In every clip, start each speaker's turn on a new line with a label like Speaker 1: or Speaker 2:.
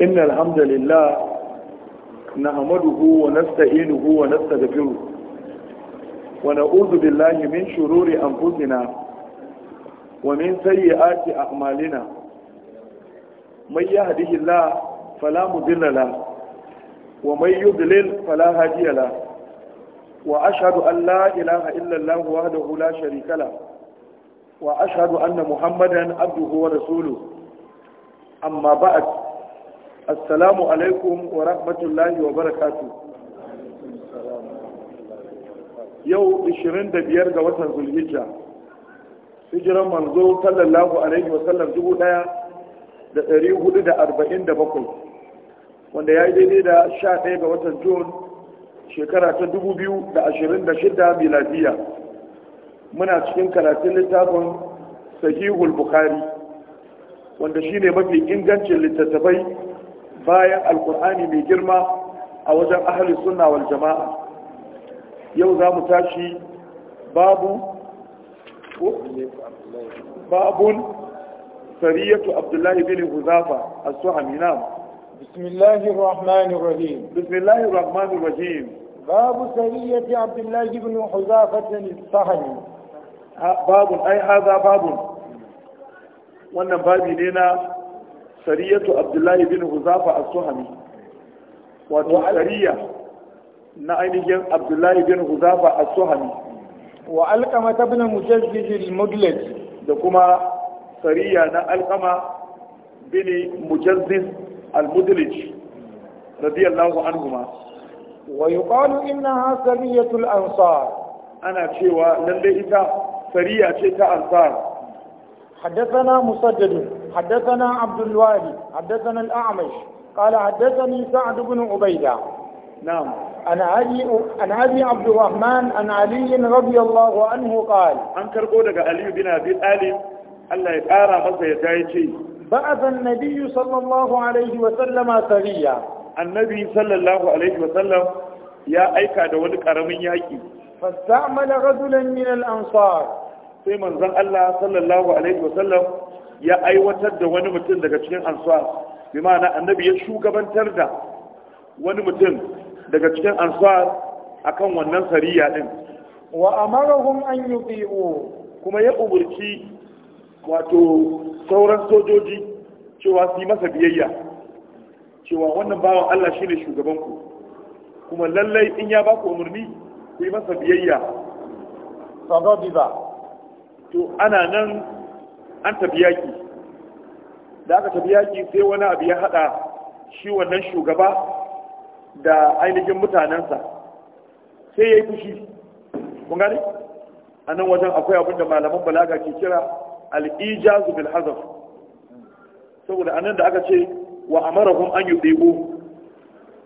Speaker 1: inna alhamdulillah na hamaduhu wa nasta'inuhu wa nasta'afiru wa na'udhu billahi min shururi anfusina wa min sayyiati a'malina may yahdihillah fala mudilla la wa may yudlil fala hadiya la wa ashhadu an la ilaha illa allah wahdahu la sharika la وأشهد أن محمدا عبده ورسوله أما بعد السلام عليكم ورحمة الله وبركاته يو إشرين ga watan Zulhijja, الهجة manzo sallallahu alaihi wa sallam dubu da hudu da arba'in da wanda ya yi daidai da sha ɗaya ga watan jun shekara ta dubu biyu da ashirin miladiya muna cikin karatun littafin sahihul bukhari wanda shine mafi ingancin littattafai bayan alkur'ani mai girma a wajen ahalin sunna wal jama'a yau za mu tashi babu babun sariyatu abdullahi bin huzafa as-suhami na'am bismillahir rahmanir rahim bismillahir rahmanir rahim babu sariyati abdullahi bin huzafata as-suhami babun ai haza babun wannan babi ne na sariyatu abdullahi bin huzafa as-suhami wato sariya na ainihin abdullahi bin huzafa as-suhami wa alqama ibn mujaddid al-mudlaj da kuma sariya na alqama bin mujaddid al-mudlaj radiyallahu anhuma wa yuqalu innaha sariyatu al-ansar ana cewa lalle ita سريعة شيء أنصار حدثنا مسدد حدثنا عبد الوالي حدثنا الأعمش قال حدثني سعد بن عبيدة نعم عن علي عن ابي عبد الرحمن عن علي رضي الله عنه قال عن كربو علي بن ابي طالب الله يقارا masa ya tayi ce بعث النبي صلى الله عليه وسلم سريا النبي صلى الله عليه وسلم يا ايكا da wani karamin yaki فاستعمل رجلا من الانصار sai manzon Allah sallallahu alaihi wasallam ya aiwatar da wani mutum daga cikin ansuwa. bi ma'ana annabi ya shugabantar da wani mutum daga cikin a akan wannan sariya din wa amarahum an yuti'u kuma ya umarci, wato sauran sojoji cewa su yi masa biyayya cewa wannan bawan Allah shine shugaban ku kuma lallai in ya ba ku umarni ku yi masa biyayya sabadi ba to ana nan an tafi yaki da aka tafi yaki sai wani abu ya hada shi wannan shugaba da ainihin mutanensa sai ya yi fushi kun gani. a nan wajen akwai abin da malaman balaga ke kira al'ijazu bil hazar saboda anan da aka ce wa amarahum an yi ɗebo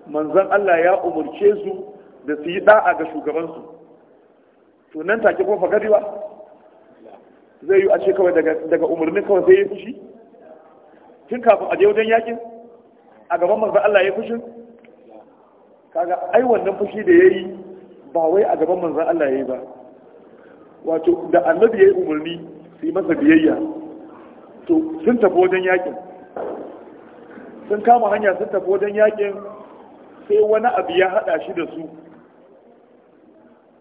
Speaker 1: manzan Allah ya umarce su da su yi ɗa'a ga shugabansu to nan take kuma fagari ba zai yi a ce kawai daga umarnin kawai sai ya fushi tun kafin a je wajen yakin a gaban manzan Allah ya fushin kaga ai wannan fushi da ya yi ba wai a gaban manzan Allah ya yi ba wato da annabi ya yi umarni su yi masa biyayya to sun tafi wajen yakin sun kama hanya sun tafi wajen yakin sai wani abu ya hada shi da su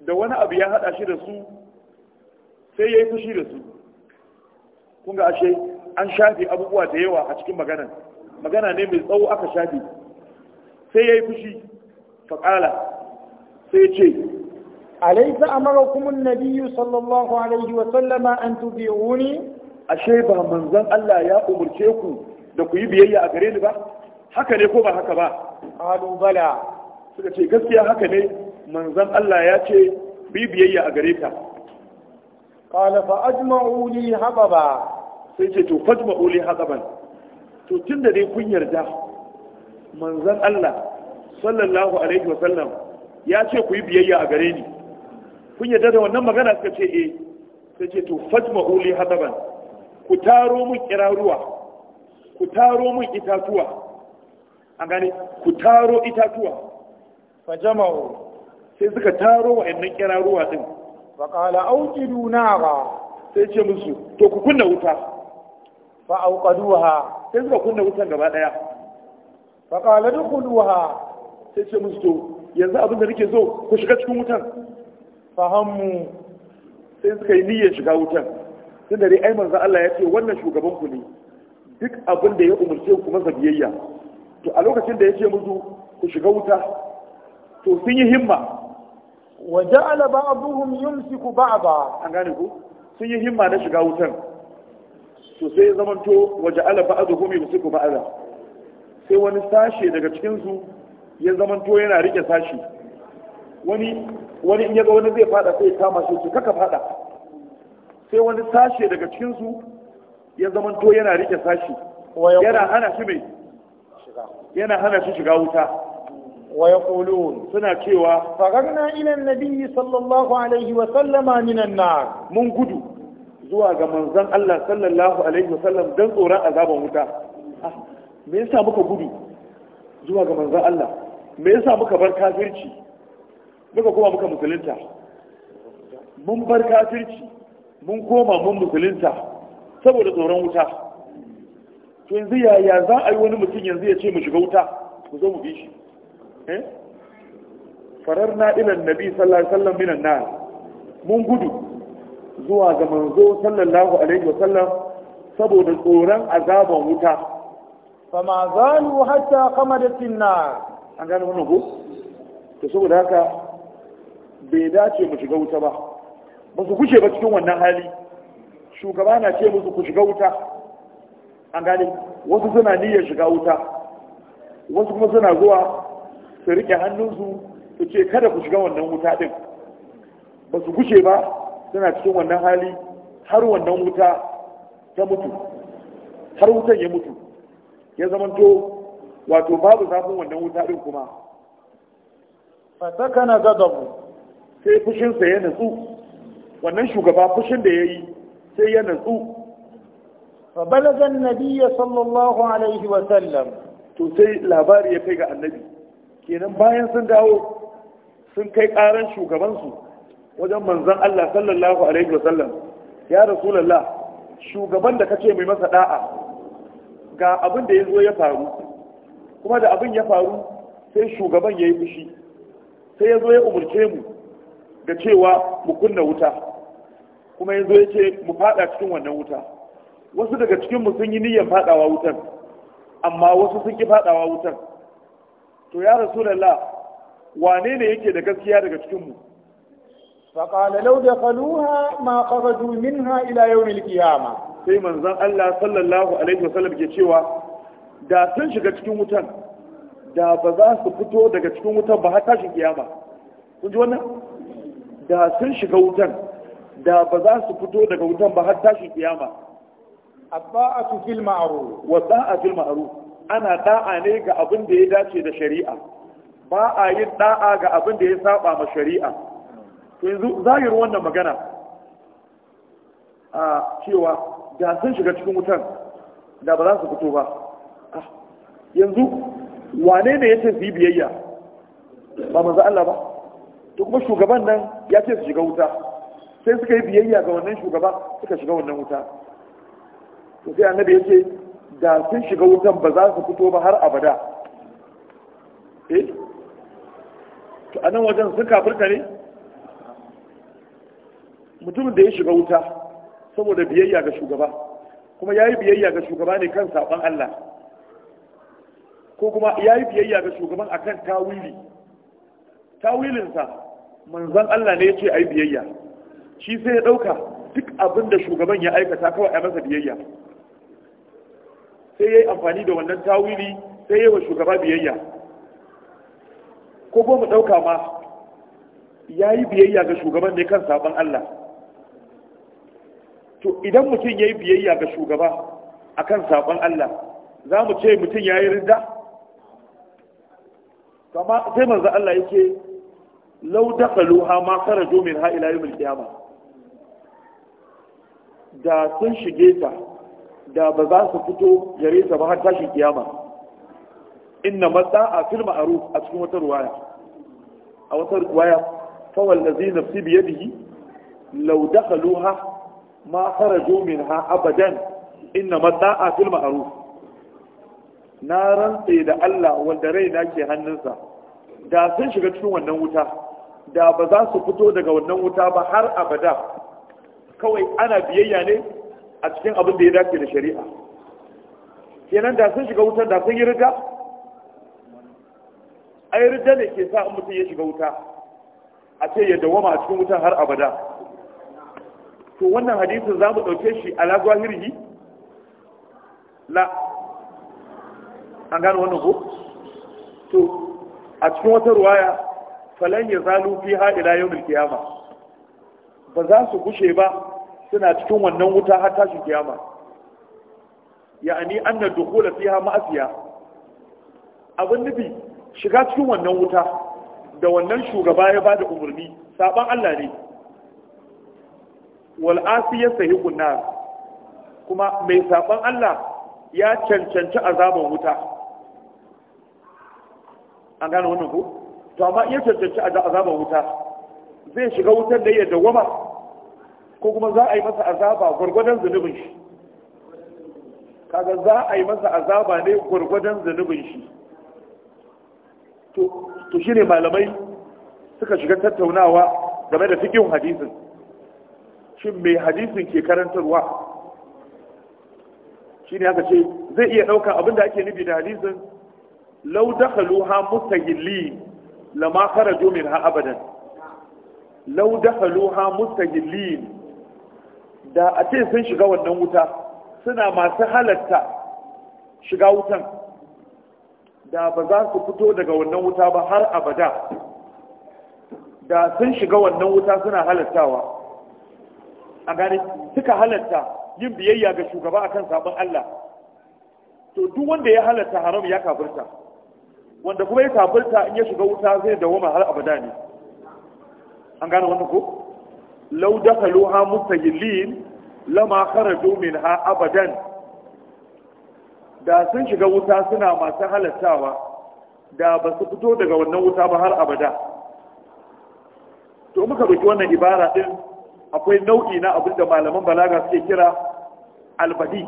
Speaker 1: da wani abu ya hada shi da su sai ya yi fushi da su kun ashe an shafi abubuwa da yawa a cikin magana magana ne mai tsawo aka shafi sai ya yi fushi faƙala sai ya ce alaisa amara kumun nabiyu sallallahu alaihi wa sallama an tubi'uni ashe ba manzan Allah ya umarce ku da ku yi biyayya a gare ni ba haka ne ko ba haka ba qalu bala suka ce gaskiya haka ne manzon Allah ya ce bi biyayya a gare ka قال fa لي حببا hababa sai ce لي حببا تو hababan to tunda dai kun yarda manzon Allah sallallahu alaihi wa sallam ya ce ku yi biyayya a gare ni kun yarda da wannan magana suka ce eh sai ce to fajma'u li hababan ku taro mun kiraruwa ku taro itatuwa an gani, ku taro itatuwa fajama'u sai suka taro wa'annan kiraruwa din fa qala auqidu nara sai ce musu to ku kunna wuta fa auqaduha sai suka kunna wutan gaba daya fa qala dukhuluha sai ce musu to yanzu abin da nake so ku shiga cikin wutan fahammu sai suka yi niyyar shiga wutan tun da ai manzo Allah ya ce wannan shugaban ku ne duk abin da ya umarce ku masa biyayya to a lokacin da ya ce musu ku shiga wuta to sun yi himma wa ja'ala ba'dhum yumsiku ba'dha an gane ku sun yi himma na shiga wutan to sai zamanto wa ja'ala ba'dhum yumsiku ba'dha sai wani sashe daga cikin su ya zamanto yana rike sashi wani wani in yaga wani zai fada sai kama shi su kaka fada sai wani sashe daga cikin su ya zamanto yana rike sashi yana hana shi mai
Speaker 2: yana hana shi shiga wuta
Speaker 1: Waya yaqulun suna cewa faragna ila annabi sallallahu alaihi wa sallama minan nar mun gudu zuwa ga manzon Allah sallallahu alaihi wa sallam dan tsoron azaban wuta ah, me yasa muka gudu zuwa ga manzon Allah me yasa muka bar kafirci muka koma muka musulunta mun bar kafirci mun koma mun musulunta saboda tsoron wuta to yanzu yaya za a yi wani mutum yanzu ya ce mu shiga wuta ku zo mu bi shi Eh? farar na ilan nabi sallallahu alaihi wasallam minan na mun gudu zuwa ga manzo sallallahu alaihi wasallam saboda tsoron azaban wuta fama zalu hatta qamadatin nar an gane wannan ko to saboda haka bai dace mu shiga wuta ba ba su kushe ba cikin wannan hali shugaba na ce musu ku shiga wuta an gane wasu suna niyyar shiga wuta wasu kuma suna zuwa su riƙe hannunsu su ce kada ku shiga wannan wuta ɗin ba su gushe ba suna cikin wannan hali har wannan wuta ta mutu har wutan ya mutu ya to wato babu zafin wannan wuta ɗin kuma fasaka na gadabu sai fushinsa ya natsu wannan shugaba fushin da ya yi sai ya natsu فبلغ النبي صلى الله عليه وسلم to sai labari ya kai ga annabi kenan bayan sun dawo sun kai karan shugabansu wajen manzan Allah sallallahu alaihi wasallam ya rasulallah shugaban da kace mai masa da'a ga abin da ya zo ya faru kuma da abin ya faru sai shugaban ya yi fushi sai ya ya umarce mu da cewa mu kunna wuta kuma ya zo ya ce mu fada cikin wannan wuta wasu daga cikinmu sun yi niyyar fadawa wutan amma wasu sun ki fadawa wutan to ya rasu rasulullah wane ne yake da gaskiya daga cikinmu? cikin da فقال ma دخلوها ما خرجوا ila yau يوم kiyama. sai manzon Allah sallallahu alaihi wasallam ke cewa da sun shiga cikin wutan da ba za su fito daga cikin wutan ba har tashin kiyama kun ji wannan da sun shiga wutan da ba za su fito daga wutan ba har tashin kiyama A abba'atu fil ma'ruf wa da'atu fil ma'ruf ana da'a ne ga abin da ya dace da shari'a ba a yin da'a ga abin da ya saba ma shari'a to yanzu zahir wannan magana a cewa da sun shiga cikin wutan da ba za su fito ba ah, yanzu wane ne ya ce su yi biyayya ba manzo Allah ba to kuma shugaban nan ya ce su shiga wuta sai suka yi biyayya ga wannan shugaba suka shiga wannan wuta to sai annabi ya ce da sun shiga wutan ba za su fito ba har abada eh to anan wajen sun kafirka ne mutumin da ya shiga wuta saboda biyayya ga shugaba kuma ya yi biyayya ga shugaba ne kan saɓon Allah ko kuma ya yi biyayya ga shugaban a kan tawili tawilinsa manzan Allah ne ya ce a yi biyayya shi sai ya ɗauka duk abin da shugaban ya aikata kawai a masa biyayya sai ya yi amfani da wannan tawili sai ya yi wa shugaba biyayya ko goma mu ɗauka ma ya yi biyayya ga shugaban ne kan sabon Allah to idan mutum ya yi biyayya ga shugaba a kan sabon Allah za mu ce mutum ya yi rinda kama sai manzan Allah yake lau dakhaluha ma kara domin ha ila yawm da sun shige ta da ba za su fito gare sa ba har tashin kiyama inna matsa a fil ma'ruf a cikin wata ruwaya a wata ruwaya fa wallazi nafsi bi yadihi law dakhaluha ma kharaju minha abadan inna matsa a fil ma'ruf na rantse da Allah wanda raina ke hannunsa da sun shiga cikin wannan wuta da ba za su fito daga wannan wuta ba har abada kawai ana biyayya ne a cikin abin da ya dace da shari'a kenan da sun shiga wutar da sun yi rida ai rida ne ke sa in mutum ya shiga wuta a ce ya dawama a cikin wutar har abada to wannan hadisin za mu ɗauke shi la zahirhi la an gano wannan ko to a cikin wata ruwaya falan ya zalu fi ha ila yawmil qiyamah ba za su gushe ba suna cikin wannan wuta har tashin kiyama ya'ani anna dukhula fiha ma'asiya abin nufi shiga cikin wannan wuta da wannan shugaba ya bada umarni saban Allah ne wal asiya sahiqun nar kuma mai saban Allah ya cancanci azaban wuta an gane wannan ko to amma ya cancanci azaban wuta zai shiga wutar da ya dawama ko kuma za a yi masa azaba gwargwadon zunubin shi kaga za a yi masa azaba ne gwargwadon zunubin shi to shine malamai suka shiga tattaunawa game da fikin hadisin shin mai hadisin ke karantarwa ne aka ce zai iya ɗauka abinda ake nufi da hadisin lau dakhaluha mustahilli lama kharaju ha abadan lau dakhaluha mustahillin da a ce sun shiga wannan wuta suna masu halatta shiga wutan da ba za su fito daga wannan wuta ba har abada da sun shiga wannan wuta suna halattawa a gane suka halatta yin biyayya ga shugaba akan sabon Allah to duk wanda ya halatta haram ya kafirta wanda kuma ya kafirta in ya shiga wuta zai dawoma har abada ne an gane wannan ko law dakhaluha mustahillin lama kharaju minha abadan da sun shiga wuta suna masu halattawa da ba su fito daga wannan wuta ba har abada to muka ɗauki wannan ibara ɗin akwai nau'i na abin da malaman balaga suke kira albadi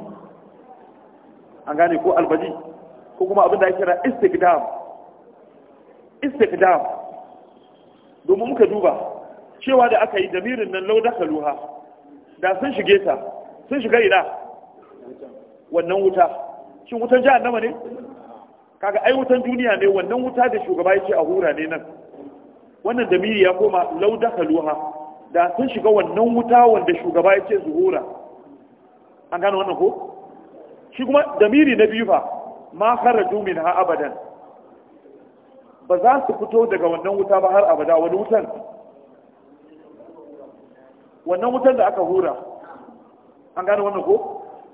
Speaker 1: an gane ko albadi ko kuma abin da ake kira istikdam istikdam domin muka duba cewa da aka yi damirin nan lau da kaluha da sun shige ta sun shiga ina wannan wuta shin wutan nama ne kaga ai wutan duniya ne wannan wuta da shugaba ya ce a hura ne nan wannan damiri ya koma lau dakaluha da sun shiga wannan wuta wanda shugaba ya ce zuhura an gano wannan ko shi kuma damiri na biyu fa ma kharaju minha abadan ba za su fito daga wannan wuta ba har abada wani wutan wannan wutar da aka hura an gane wannan ko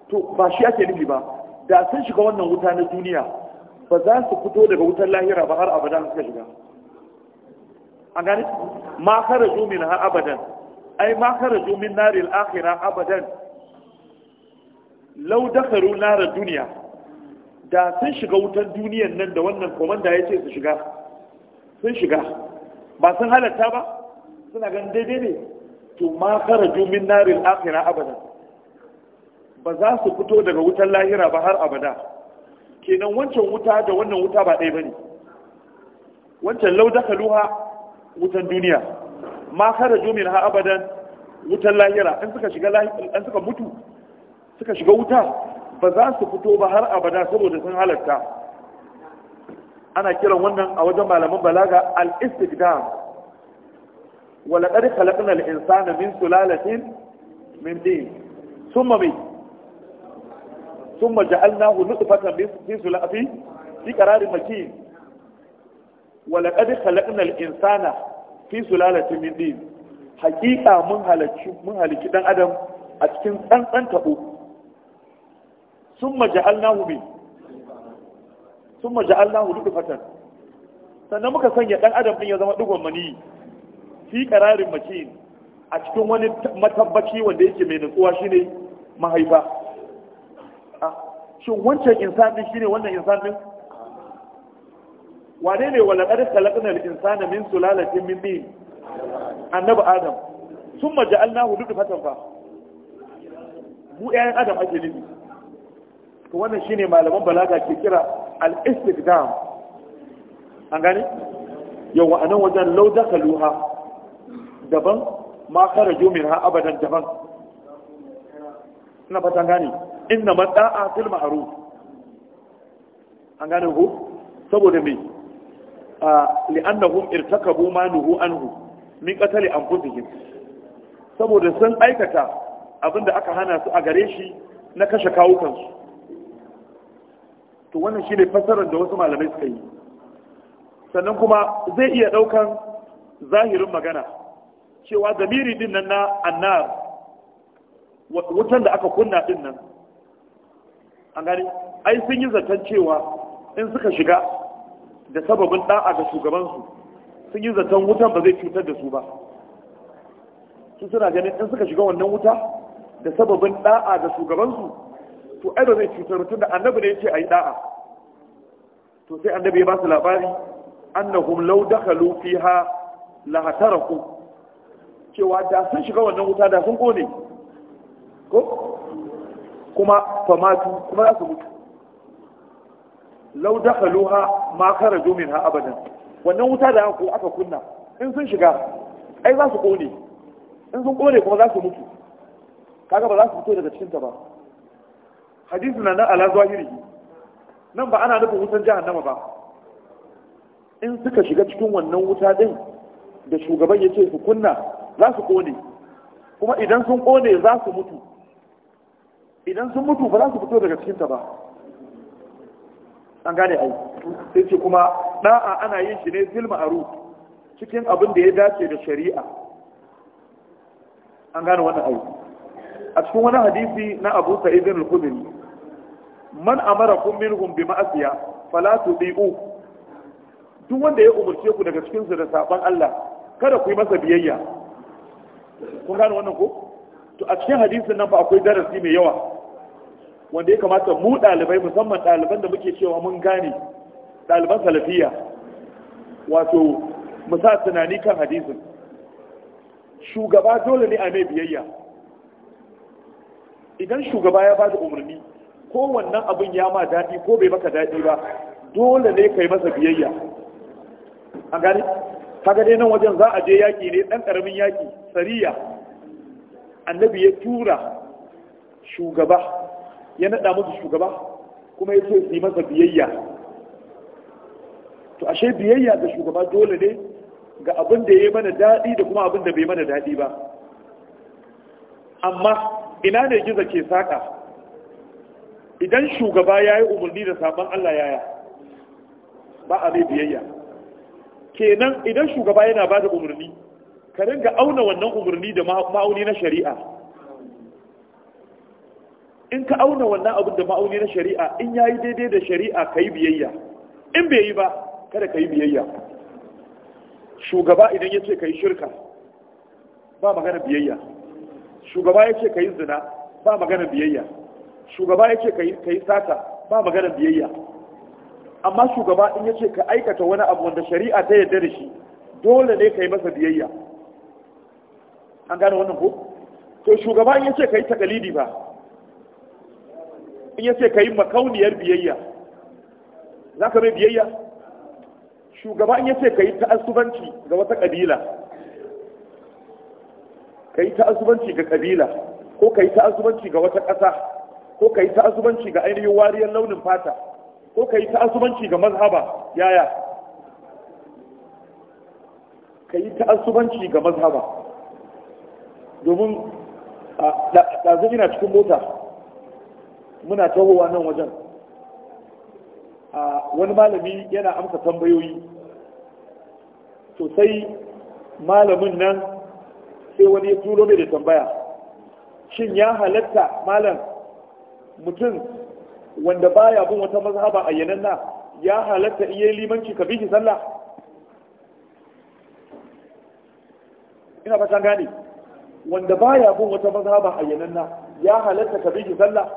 Speaker 1: to ba shi ake nufi ba da sun shiga wannan wuta na duniya ba za su fito daga wutar lahira ba har abada suka shiga an gane ma kharaju min ha abadan ai ma kharaju min naril akhira abadan da karu nar duniya da sun shiga wutar duniyan nan da wannan komanda ya ce su shiga sun shiga ba sun halatta ba suna ganin daidai ne to ma kharaju min narin akhirah abada ba za su fito daga wutar lahira ba har abada kenan wancan wuta da wannan wuta ba ɗaya bane wancan lau dakaluha wutan duniya ma kharaju min ha abadan wutar lahira in suka shiga an suka mutu suka shiga wuta ba za su fito ba har abada saboda sun halarta ana kiran wannan a wajen malaman balaga al-istiqdam wala ɗari falaƙunar insana min sulalatin min din sun mami sun maja'al na hulu ufatan bin sulafi fi ƙararin maki wala ɗari falaƙunar insana fi sulalatin min din hakika mun halarci ɗan adam a cikin tsantsan taɓo sun maja'al na hulu sun maja'al sannan muka sanya ɗan adam ɗin ya zama ɗugon mani. fi ƙararin makin a cikin wani matabbaci wanda yake mai nutsuwa shine mahaifa ah, shin wancan insan din shine wannan insan din wane ne wala qad khalaqna al-insana min sulalatin min tin annabi adam thumma ja'alnahu nutfatan fa mu ƴaƴan adam ake nufi to wannan shine malaman balaga ke kira al-istiqdam an gane yawa anan wajen lauda dakaluha daban ma kharaju minha abadan daban ina fatan gane inna mada'a fil ma'ruf an gane ku saboda me a li'annahum irtakabu ma nuhu anhu min qatali anfusihim saboda sun aikata abinda aka hana su a gare shi na kashe kawukansu to wannan shi ne fassarar da wasu malamai suka yi sannan kuma zai iya ɗaukan zahirin magana cewa zamiri din nan na annar wutan da aka kunna din nan an gani ai sun yi zaton cewa in suka shiga da sababin da'a ga shugabansu sun yi zaton wutan ba zai cutar da su ba su suna ganin in suka shiga wannan wuta da sababin da'a ga shugabansu to ai ba zai cutar mutum da annabi ne ya ce a yi da'a to sai annabi ya ba su labari annahum law dakhalu fiha la hataraku cewa da sun shiga wannan wuta da sun kone ko kuma famatu kuma za su mutu lau dakhaluha ma domin ha abadan wannan wuta da aka aka kunna in sun shiga ai za su kone in sun kone kuma za su mutu kaga ba za su fito daga cikin ta ba hadisi na nan ala zahiri nan ba ana nufin wutan jahannama ba in suka shiga cikin wannan wuta din da shugaban ya ce su kunna za su kone kuma idan sun kone za su mutu idan sun mutu ba za su fito daga cikinta ba an gane ai sai ce kuma da'a ana yin shi ne a aru cikin abin da ya dace da shari'a an gane wannan ai a cikin wani hadisi na abu sa'idin al-khudri man amara kun minhum bi ma'asiya fala tudi'u duk wanda ya umurce ku daga cikin su da saban Allah kada ku yi masa biyayya kun gane wannan ko to a cikin hadisin nan ba akwai darasi mai yawa wanda ya kamata mu dalibai, musamman daliban da muke cewa mun gane Daliban salafiya wato mu sa tunani kan hadisin shugaba dole ne a mai biyayya idan shugaba ya ba da umarni ko wannan abin ya ma daɗi ko bai maka daɗi ba dole ne ka yi masa biyayya a gani kaga dai nan wajen za a je yaƙi ne ɗan ƙaramin yaƙi sariya annabi ya tura shugaba ya naɗa musu shugaba kuma ya so su yi masa biyayya to ashe biyayya ga shugaba dole ne ga abin da ya mana daɗi da kuma abin da bai mana daɗi ba amma ina ne gizo ke saƙa idan shugaba ya yi umarni da sabon Allah yaya ba a mai biyayya kenan idan shugaba yana ba da umarni ka rinka auna wannan umarni da ma'auni na shari'a in ka auna wannan abu da ma'auni na shari'a in ya yi daidai da shari'a ka yi biyayya in bai yi ba kada ka yi biyayya shugaba idan ya ce ka yi shirka ba magana biyayya shugaba ya ce ka yi zina ba magana biyayya shugaba ya ce ka yi sata ba magana biyayya amma shugaba in ya ce ka aikata wani abu wanda shari'a ta yarda da shi dole ne ka yi masa biyayya an gane wannan ko to shugaba in yace kai takalidi ba in yace kai makauniyar biyayya za ka mai biyayya shugaba in yace kai ta'assubanci ga wata kabila kai ta'assubanci ga kabila ko kai ta'assubanci ga wata ƙasa ko kai ta'assubanci ga ainihin wariyar launin fata ko kai ta'assubanci ga mazhaba yaya kai ta'assubanci ga mazhaba domin ɗazu ina cikin mota muna tawowa nan wajen wani malami yana amsa tambayoyi sosai malamin nan sai wani ya turo mai da tambaya shin ya halatta malam mutum wanda baya bin wata mazhaba a na ya halatta iya limanci ka bi shi sallah ina fatan gane wanda baya bin wata mazhaba ayyananna ya halatta ka bi sallah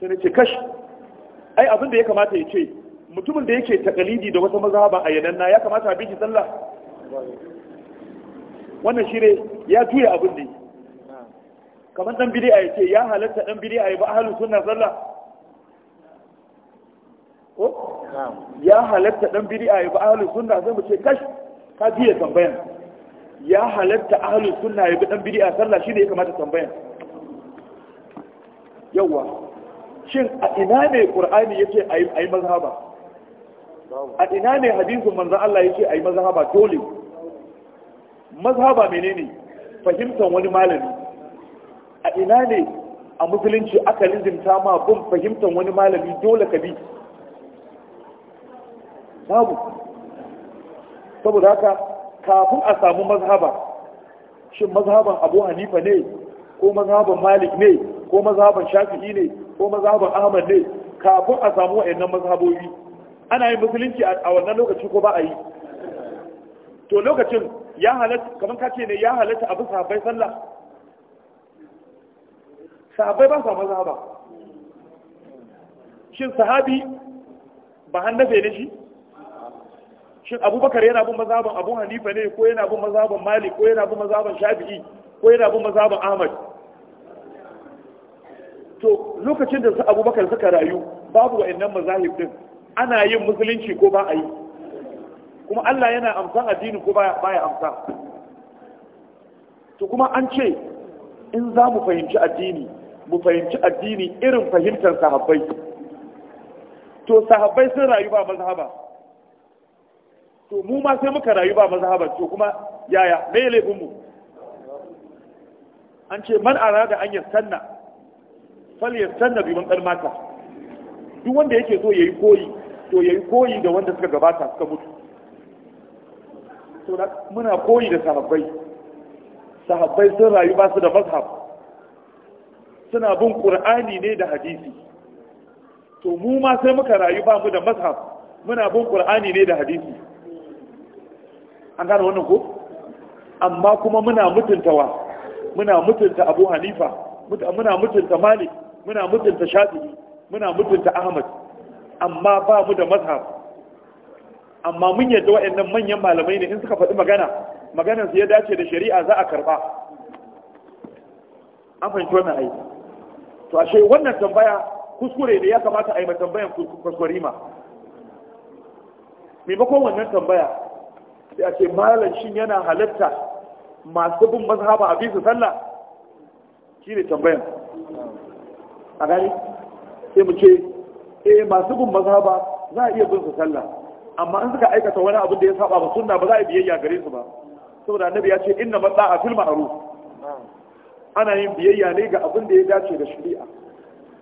Speaker 1: sai ce kash ai abin da ya kamata ya ce mutumin da yake takalidi da wata mazhaba ayyananna ya kamata a bi sallah wannan shine ya juya abin da kamar dan bid'a ya ce ya halatta dan bid'a ya ba ahlus sunna sallah ko ya halatta dan bid'a ya ba ahlus sunna sai mu ce kash ka biya tambayan ya halatta ahlus sunna ya bi dan bid'a sallah shine ya kamata tambayan yawa shin a ina ne qur'ani ce ayi ayi mazhaba a ina ne hadisin manzo Allah yace ayi mazhaba dole mazhaba menene fahimtar wani malami a ina ne a musulunci aka lizinta ma bin fahimtar wani malami dole ka bi babu saboda haka kafin a samu mazhaba shin mazhaban abu hanifa ne ko mazhaban malik ne ko mazhaban shafi'i ne ko mazhaban ahmad ne kafin a samu wa'annan mazhabobi ana yin musulunci a wannan lokaci ko ba a yi to lokacin ya halatta kamar ka ce ne ya halatta abu sahabbai sallah sahabbai ba sa mazhaba shin sahabi ba hannafe ne shi shin abubakar yana bin mazhaban abu hanifa ne ko yana bin mazhaban malik ko yana bin mazhaban shafi'i ko yana bin mazhaban ahmad to lokacin da su abubakar suka rayu babu wa innan mazahib din ana yin musulunci ko ba a yi kuma allah yana amsan addini ko ba ya amsa to kuma an ce in za mu fahimci addini mu fahimci addini irin fahimtar sahabbai to sahabbai sun rayu ba mazhaba to mu ma sai muka rayu ba mazhaban to kuma yaya me laifin mu an ce man arada an yastanna fal yastanna bi man mata duk wanda yake so yayi koyi to yayi koyi da wanda suka gabata suka mutu to muna koyi da sahabbai sahabbai sun rayu ba su da mazhab suna bin qur'ani ne da hadisi to mu ma sai muka rayu ba mu da mazhab muna bin qur'ani ne da hadisi an gane wannan ko amma kuma muna mutuntawa muna mutunta abu hanifa muna mutunta malik muna mutunta shafi'i muna mutunta ahmad amma ba mu da mazhab amma mun yadda wa'annan manyan malamai ne in suka faɗi magana maganar su ya dace da shari'a za a karɓa an fahimci wannan aiki to ashe wannan tambaya kuskure ne ya kamata a yi tambayan kuskure ma maimakon wannan tambaya sai a ce malam shin yana halatta masu bin mazhaba a bisa sallah shi ne tambayan a gani sai mu ce eh masu bin mazhaba za a iya bin su sallah amma in suka aikata wani abin da ya saba ba sunna ba za a biyayya gare su ba saboda annabi ya ce inna matsa a fil ma'ruf ana yin biyayya ne ga abin da ya dace da shari'a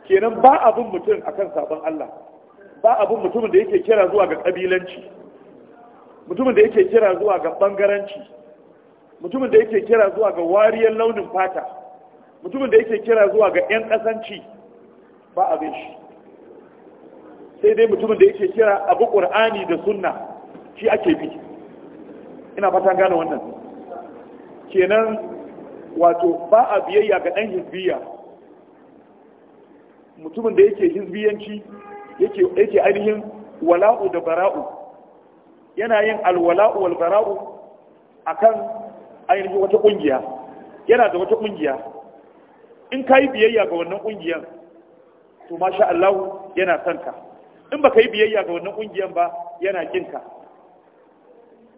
Speaker 1: kenan ba abin mutum akan sabon Allah ba abin mutumin da yake kira zuwa ga kabilanci mutumin da yake kira zuwa ga bangaranci mutumin da yake kira zuwa ga wariyar launin fata mutumin da yake kira zuwa ga 'yan kasanci ba abin shi sai dai mutumin da yake kira abu ƙur'ani da sunna shi ake bi ina fata gane wannan kenan wato ba a biyayya ga ɗan hizbiya mutumin da yake hizbiyanci yake ainihin wala'u da bara'u yana yin alwala'u wal bara'u akan ainihin wata kungiya yana da wata kungiya in ka yi biyayya ga wannan kungiyan to masha Allah yana son ka in baka yi biyayya ga wannan kungiyan ba yana kin ka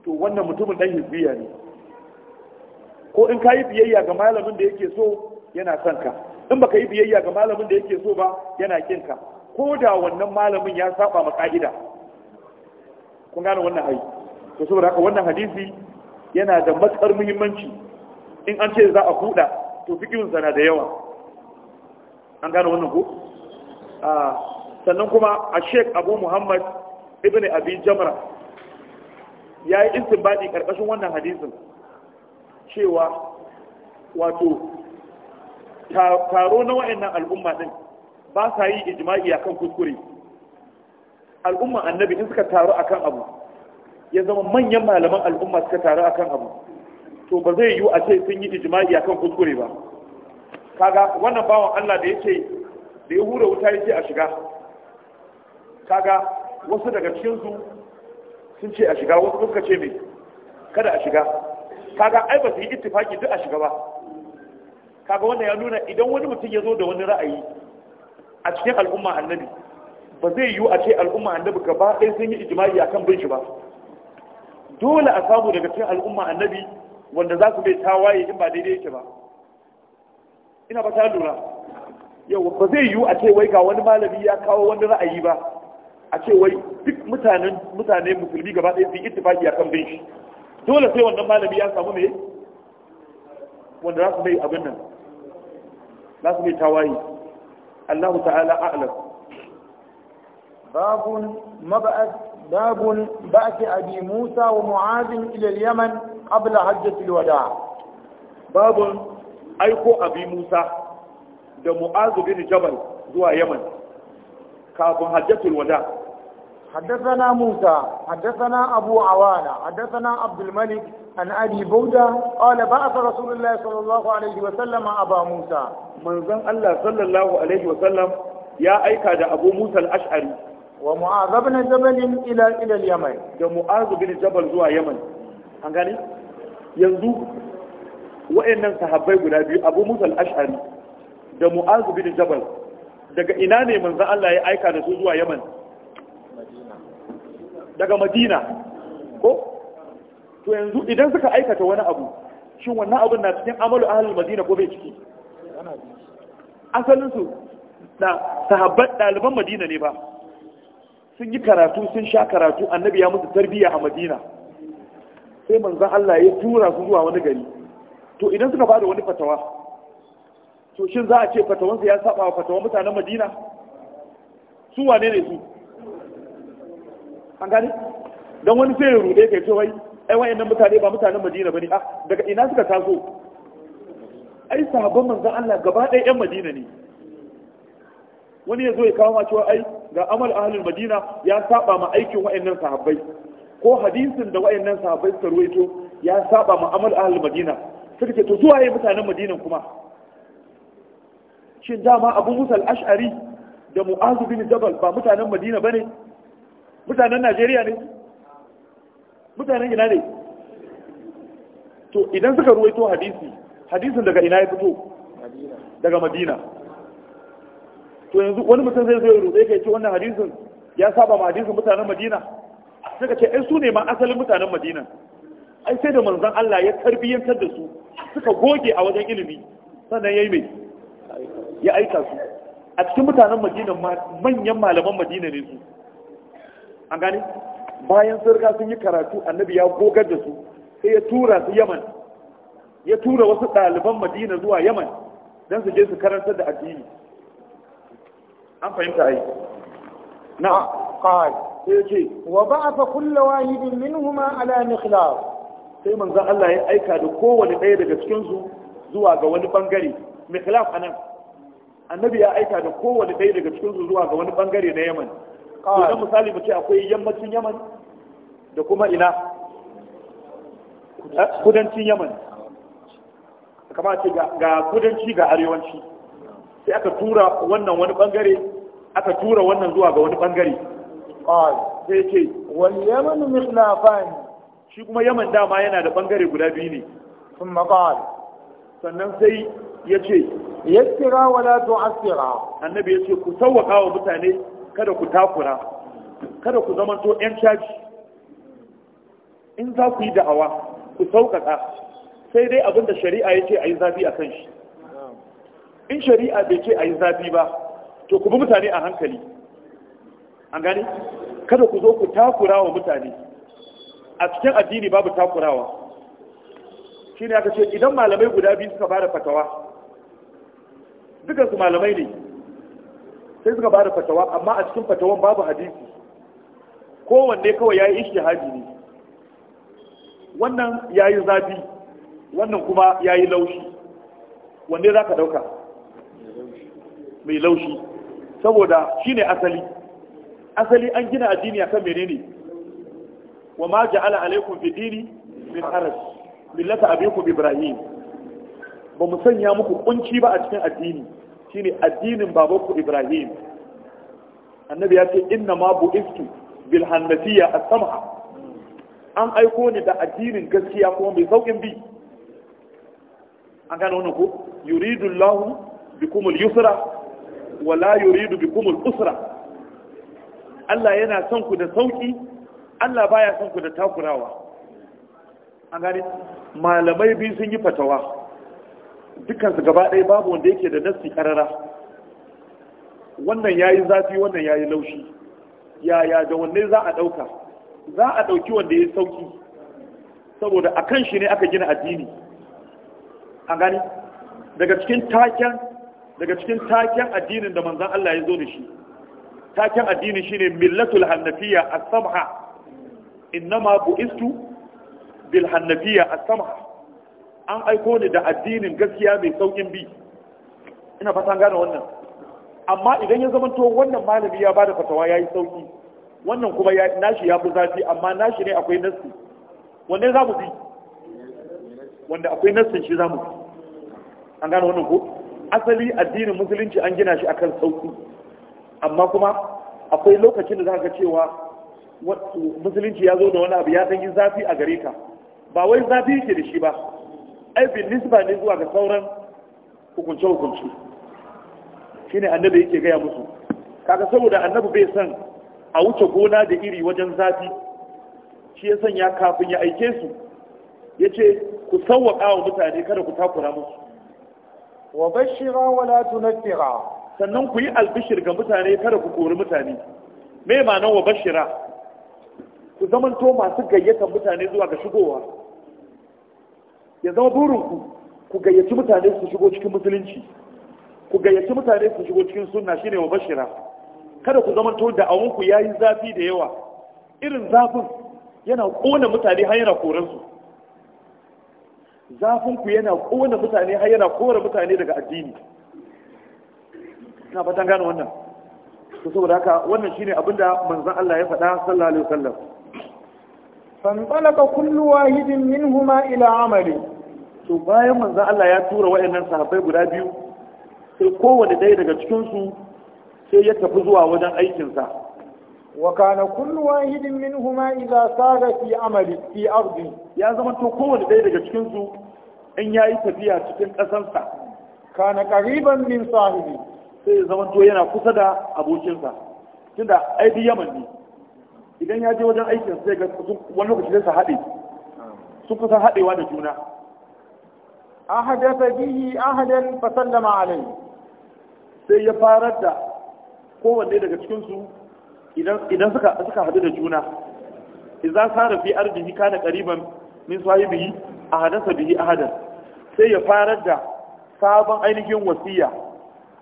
Speaker 1: to wannan mutumin dan hizbiya ne ko in ka yi biyayya ga malamin da yake so yana son ka in baka yi biyayya ga malamin da yake so ba yana kin ka ko da wannan malamin ya saba ma ka'ida kun gane wannan ai to saboda haka wannan hadisi yana da matsar muhimmanci in an ce za a kuda to fikihun sana da yawa an gane wannan ko a ah, sannan kuma a sheik abu muhammad ibn abi jamra ya yi istinbadi karkashin wannan hadisin cewa wato taro na wa'annan al'umma din ba sa yi ijma'i akan kuskure Al'umma annabi in suka taru a kan abu ya zama manyan malaman al'umma suka taru a kan abu to ba zai yiwu a ce sun yi a akan kuskure ba kaga wannan bawan Allah da yake da ya hura wuta yake a shiga kaga wasu daga cikin su sun ce a shiga wasu suka ce me kada a shiga kaga ai ba su yi ittifaki duk a shiga ba kaga wannan ya nuna idan wani mutum ya zo da wani ra'ayi a cikin al'umma annabi ba zai yiwu a ce al'umma annabi gaba ɗaya sun yi ijimai a kan shi ba dole a samu daga cikin al'umma annabi wanda za su bai tawaye in ba daidai yake ba ina ba ta lura yau ba zai yiwu a ce wai ga wani malami ya kawo wani ra'ayi ba a ce wai duk mutanen mutane musulmi gaba ɗaya sun yi ittifaki a kan shi dole sai wannan malami ya samu me wanda za su bai abin nan za su bai tawaye Allah ta'ala a'lam باب مبعث باب بعث أبي موسى ومعاذ إلى اليمن قبل حجة الوداع باب أيقو أبي موسى ده معاذ بن جبل زوا يمن كاب حجة الوداع حدثنا موسى حدثنا أبو عوانة حدثنا عبد الملك عن أبي بودة قال بعث رسول الله صلى الله عليه وسلم أبا موسى من زن الله صلى الله عليه وسلم يا أيكا ده أبو موسى الأشعري wa mu'adh ibn jabal ila ila yaman da mu'azu bin jabal zuwa yaman an gane yanzu wa'annan sahabbai guda biyu abu musa al-ash'ari da mu'azu bin jabal daga ina ne manzon Allah ya aika da su zuwa yaman daga madina ko to yanzu idan suka aikata wani abu shin wannan abun na cikin amalu ahlul madina ko bai ciki asalin su da sahabban daliban madina ne ba sun yi karatu sun sha karatu annabi ya musu tarbiyya a madina sai manzan Allah ya tura su zuwa wani gari to idan suka bada wani fatawa to shin za a ce fatawansa ya saba wa fatawa mutanen madina su wane ne su an gane don wani sai ya rude kai wai ai wayannan mutane ba mutanen madina bane ah daga ina suka taso ai sahabban manzan Allah gaba ɗaya yan madina ne wani ya zo ya kawo ma cewa ai ga amal ahlul madina ya saba ma aikin wayannan sahabbai ko hadisin da wayannan sahabbai suka ruwaito ya saba ma amal ahlul madina suka ce to zuwa yayin mutanen madina kuma shin dama abu musa al-ash'ari da mu'azu bin jabal ba mutanen madina bane mutanen najeriya ne mutanen ina ne to idan suka ruwaito hadisi hadisin daga ina ya fito daga madina to yanzu wani mutum zai zo ya ka yake ce wannan hadisin ya saba ma hadisin mutanen Madina ka ce ai su ne ma asalin mutanen Madina ai sai da manzon Allah ya tarbiyyantar da su suka goge a wajen ilimi sannan yayi mai ya aika su a cikin mutanen Madina manyan malaman Madina ne su an gane bayan sun riga sun yi karatu annabi ya gogar da su sai ya tura su Yaman ya tura wasu ɗaliban Madina zuwa Yaman don su je su karantar da addini an fahimta ai na qal ah, sai ce wa ba'atha kullu wahidin minhuma ala miqdar sai manzon Allah ya aika da kowane ɗaya daga cikin su zuwa ga wani bangare miqlaf anan annabi ya aika da kowane ɗaya daga cikin su zuwa ga wani bangare na Yaman to misali mu ce akwai yammacin Yaman da kuma ina kudancin Yaman kamar ce ga kudanci ga arewanci sai aka tura wannan wani bangare aka tura wannan zuwa ga wani bangare sai ce wal yaman shi kuma yaman dama yana da bangare guda biyu ne sun maqal sannan sai ya ce yassira wala tu'assira annabi ya ce ku sawwaka wa mutane kada ku takura kada ku zamanto yan caji in za ku yi da'awa ku sauƙaƙa sai dai abinda shari'a ya ce a yi zafi a kan shi in shari'a bai ce a yi zafi ba to ku bi mutane a hankali an gani? kada ku zo ku takura wa mutane a cikin addini babu takurawa shi ne aka ce idan malamai guda biyu suka bada fatawa dukansu malamai ne sai suka bada fatawa amma a cikin fatawan babu hadisi kowanne kawai ya yi haji ne wannan ya yi zafi wannan kuma ya yi laushi wanne za ka ɗauka mai laushi saboda shine asali asali an gina addini akan ne. wa ma ja'ala alaikum fi dini min haraj millata abikum ibrahim ba mu sanya muku kunci ba a cikin addini shine addinin babanku ibrahim annabi ya ce inna ma bu'istu bil hanafiya as sama. an aiko ni da addinin gaskiya kuma mai saukin bi an gano wannan ko yuridu Allahu bikum al-yusra wala yuridu bikumul usra Allah yana son ku da sauki Allah baya son ku da takurawa an gani malamai biyu sun yi fatawa dukkan gaba ɗaya babu wanda yake da nassi karara wannan yayi zafi wannan yayi laushi yaya da wanne za a ɗauka za a ɗauki wanda ya sauki saboda a kan shi ne aka gina addini an gani daga cikin taken daga cikin taken addinin da manzan Allah ya zo da shi taken addinin shi ne millatul hanafiya a samha innama bu'istu bil hanafiya a samha an aiko ni da addinin gaskiya mai saukin bi ina fata gane wannan amma idan ya zamanto wannan malami ya bada fatawa yi sauki wannan kuma ya nashi ya fi zafi amma nashi ne akwai nassi wanda za mu bi wanda akwai nassin shi za mu bi an gane wannan ko asali addinin musulunci an gina shi akan sauki amma kuma akwai lokacin da zaka cewa musulunci ya zo da wani abu ya ɗanyi zafi a gare ka ba wai zafi yake da shi ba aibin nisba ne zuwa ga sauran hukunce-hukunce shine annabi yake gaya musu kaga saboda annabi bai san a wuce gona da iri wajen zafi shi ya sanya kafin ya aike su ya ce ku sauwaƙa wa mutane kada ku takura musu wa bashira wa la tunfira sannan ku yi albishir ga mutane kada ku kori mutane me ma'anar wa bashira ku to masu gayyatar mutane zuwa ga shigowa ya zama burinku ku gayyaci mutane su shigo cikin musulunci ku gayyaci mutane su shigo cikin sunna shine wa bashira kada ku zamanto da awunku yayi zafi da yawa irin zafin yana kona mutane har yana koransu zafin ku yana kowane mutane har yana kore mutane daga addini ina fatan gane wannan to saboda haka wannan shine abinda manzon Allah ya faɗa sallallahu alaihi wasallam fanṭalaqa kullu wahidin minhuma ila amali to bayan manzon Allah ya tura wayannan sahabbai guda biyu sai kowane dai daga cikin su sai ya tafi zuwa wajen aikinsa وكان كل واحد منهما إذا سار في عمل في Ya يا زمان تكون ده ده cikin in yayi tafiya cikin kasansa kana qariban min sahibi sai zaman to yana kusa da abokinsa tunda ai bi Yaman ne idan ya je wajen aikin sai ga wani lokaci sai su haɗe su kusa haɗewa da juna ahadatha bihi ahadan fa sallama alayhi sai ya farar da kowanne daga cikin su idan suka haɗu da juna idan sara fi ardihi kana qariban min sahibihi ahadasa bihi ahadan sai ya farar da sabon ainihin wasiya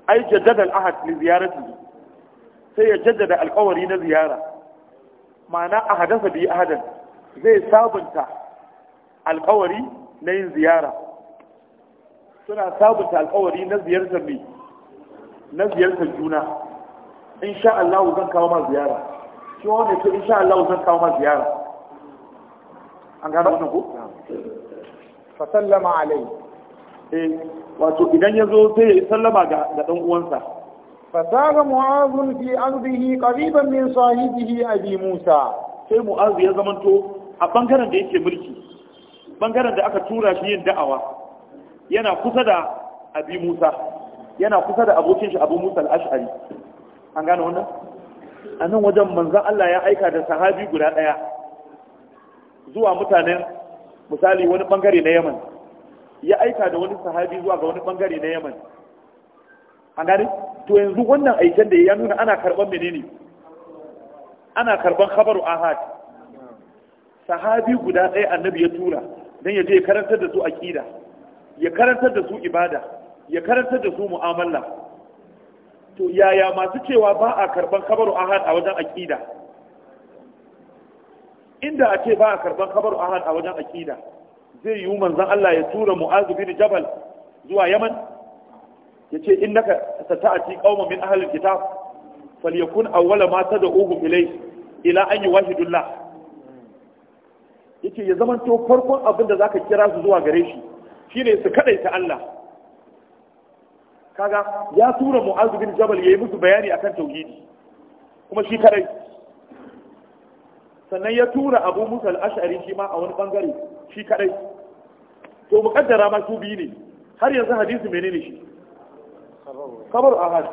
Speaker 1: ai jaddada al-ahad li ziyaratihi sai ya jaddada alƙawari na ziyara ma'ana a ahadasa bihi ahadan zai sabunta alƙawari na yin ziyara suna sabunta alƙawari na ziyartar na ziyartar juna insha Allah zan kawo ma ziyara shi wanda ya ce insha Allah zan kawo ma ziyara an gano wannan ku fa sallama alai eh wato idan ya zo sai ya sallama ga ga dan uwansa fa zaga mu'azun fi ardihi qariban min sahibihi abi musa sai mu'azu ya zamanto a bangaren da yake mulki bangaren da aka tura shi yin da'awa yana kusa da abi musa yana kusa da abokin shi abu musa al-ash'ari an gane wannan a nan wajen manzan Allah ya aika da sahabi guda ɗaya zuwa mutanen misali wani bangare na yaman ya aika da wani sahabi zuwa ga wani bangare na yaman an gane to yanzu wannan aikin da ya nuna ana karban menene ana karban khabaru ahad sahabi guda ɗaya annabi ya tura don ya je ya karantar da su aqida ya karantar da su ibada ya karantar da su mu'amala to yaya masu cewa ba a karban kabaru ahad a wajen akida inda a ce ba a karban kabaru ahad a wajen akida zai yi manzon Allah ya tura mu'azu bin jabal zuwa yaman ya ce in naka innaka sata'ati kauma min ahalin kitab falyakun awwala ma tad'uhum ilai ila an yuwahidullah yace ya zamanto farkon abin da zaka kira su zuwa gare shi shine su kadaita Allah kaga ya tura mu'azu bin jabal yayi musu bayani akan tauhidi kuma shi kadai sannan ya tura abu musa al-ash'ari shi ma a wani bangare shi kadai to muqaddara ma su biyu ne har yanzu hadisi menene shi kabar ahad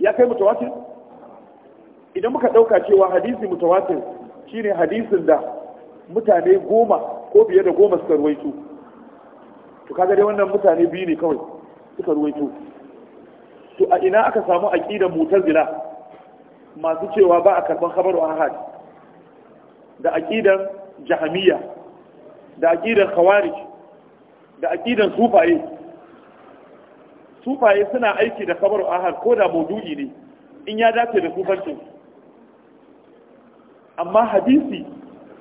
Speaker 1: ya kai mutawatir idan muka dauka cewa hadisi mutawatir shine hadisin da mutane goma ko biye da goma suka ruwaito to kaga dai wannan mutane biyu ne kawai suka ruwaito to a ina aka samu motar mu'tazila masu cewa ba a karban wa ahad da aqidan jahamiyya da aqidan khawarij da aqidan sufaye sufaye suna aiki da wa ahad ko da maudu'i ne in ya dace da sufancin amma hadisi